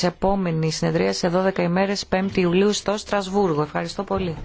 της επόμενης συνεδρίας σε 12 ημέρες 5 Ιουλίου στο Στρασβούργο. Ευχαριστώ πολύ.